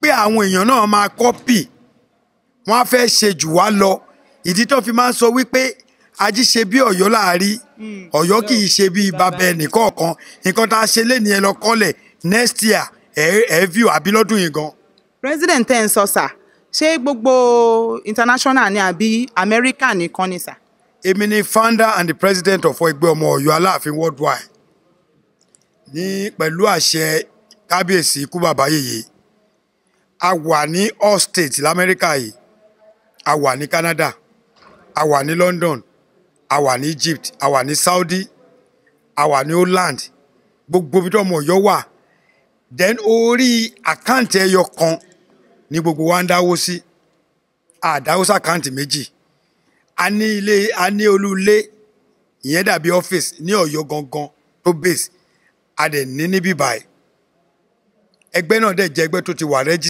pé àwọn èèyàn náà máa kọ́pì wọ́n á fẹ́ ṣe jù wá lọ ìdí tó fi máa ń sọ wípé ají ṣe bí ọ̀yọ́ láàrí ọ̀yọ́ kì í ṣe bí bàbá ẹnìkọ̀ọ̀kan nǹkan tá a ṣe léni ẹ lọ kọ́lẹ̀ next year ẹ̀ ẹ̀ view àbí yìí gan. president ẹ̀ ń sọ sà ṣé gbogbo international ni àbí America nìkan ni sà. èmi ni founder and the president of ẹgbẹ́ ọmọ ọ̀yọ́ aláàfin worldwide ní pẹ̀lú àṣẹ kábíyèsí ikú bàbá yèyé a wà ní all states lamẹ́ríkà yìí a wà ní Canada a wà ní London a wà ní Egypt a wà ní Saudi a wà ní Holland gbogbo bí tọmọ Ọ̀yọ́ wà then orí àkáǹtì ẹyọ kan ní gbogbo wa ń dáwó sí àdáwó sí àkáǹtì méjì a ní ilé a ní olú ilé ìyẹn dàbí ọ́fíìsì ní Ọ̀yọ́ gangan tó base a dẹ̀ ní níbí báyìí ẹgbẹ́ náà dẹ̀ jẹ́ ẹgbẹ́ tó ti wà rẹ́jì.